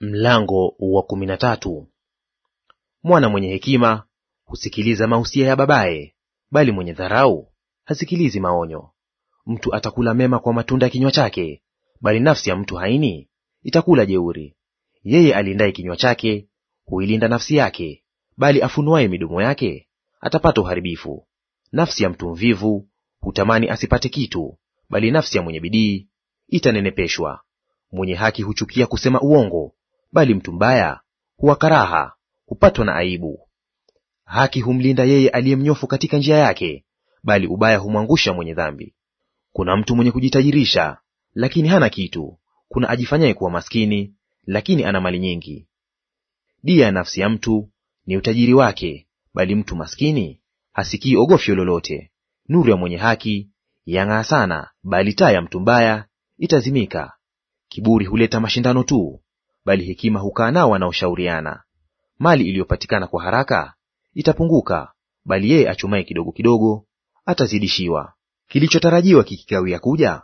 Mlango wa kumi na tatu. Mwana mwenye hekima husikiliza mausia ya babaye, bali mwenye dharau hasikilizi maonyo. Mtu atakula mema kwa matunda ya kinywa chake, bali nafsi ya mtu haini itakula jeuri. Yeye alindaye kinywa chake huilinda nafsi yake, bali afunuaye midomo yake atapata uharibifu. Nafsi ya mtu mvivu hutamani asipate kitu, bali nafsi ya mwenye bidii itanenepeshwa. Mwenye haki huchukia kusema uongo bali mtu mbaya huwa karaha, hupatwa na aibu. Haki humlinda yeye aliyemnyofu katika njia yake, bali ubaya humwangusha mwenye dhambi. Kuna mtu mwenye kujitajirisha, lakini hana kitu; kuna ajifanyaye kuwa maskini, lakini ana mali nyingi. Dia ya nafsi ya mtu ni utajiri wake, bali mtu maskini hasikii ogofyo lolote. Nuru ya mwenye haki yang'aa sana, bali taa ya mtu mbaya itazimika. Kiburi huleta mashindano tu, bali hekima hukaa nao wanaoshauriana. Mali iliyopatikana kwa haraka itapunguka, bali yeye achumaye kidogo kidogo atazidishiwa. Kilichotarajiwa kikikawia kuja,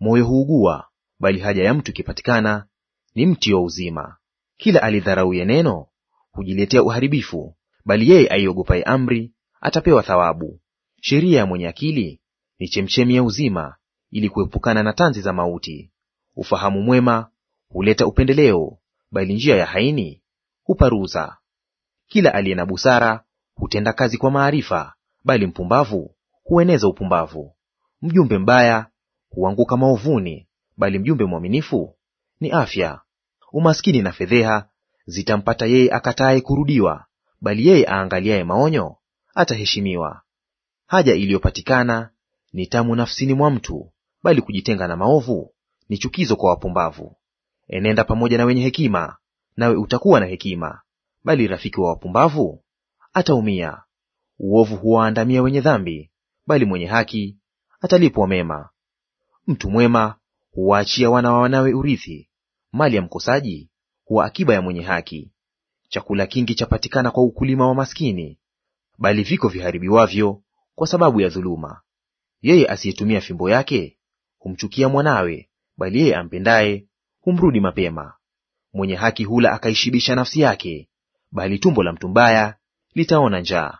moyo huugua, bali haja ya mtu ikipatikana ni mti wa uzima. Kila alidharauye neno hujiletea uharibifu, bali yeye aiogopaye amri atapewa thawabu. Sheria ya mwenye akili ni chemchemi ya uzima, ili kuepukana na tanzi za mauti. Ufahamu mwema huleta upendeleo, bali njia ya haini huparuza. Kila aliye na busara hutenda kazi kwa maarifa, bali mpumbavu hueneza upumbavu. Mjumbe mbaya huanguka maovuni, bali mjumbe mwaminifu ni afya. Umaskini na fedheha zitampata yeye akataye kurudiwa, bali yeye aangaliaye maonyo ataheshimiwa. Haja iliyopatikana ni tamu nafsini mwa mtu, bali kujitenga na maovu ni chukizo kwa wapumbavu. Enenda pamoja na wenye hekima, nawe utakuwa na hekima, bali rafiki wa wapumbavu ataumia. Uovu huwaandamia wenye dhambi, bali mwenye haki atalipwa mema. Mtu mwema huwaachia wana wa wanawe urithi, mali ya mkosaji huwa akiba ya mwenye haki. Chakula kingi chapatikana kwa ukulima wa maskini, bali viko viharibiwavyo kwa sababu ya dhuluma. Yeye asiyetumia fimbo yake humchukia mwanawe, bali yeye ampendaye humrudi mapema. Mwenye haki hula akaishibisha nafsi yake, bali tumbo la mtu mbaya litaona njaa.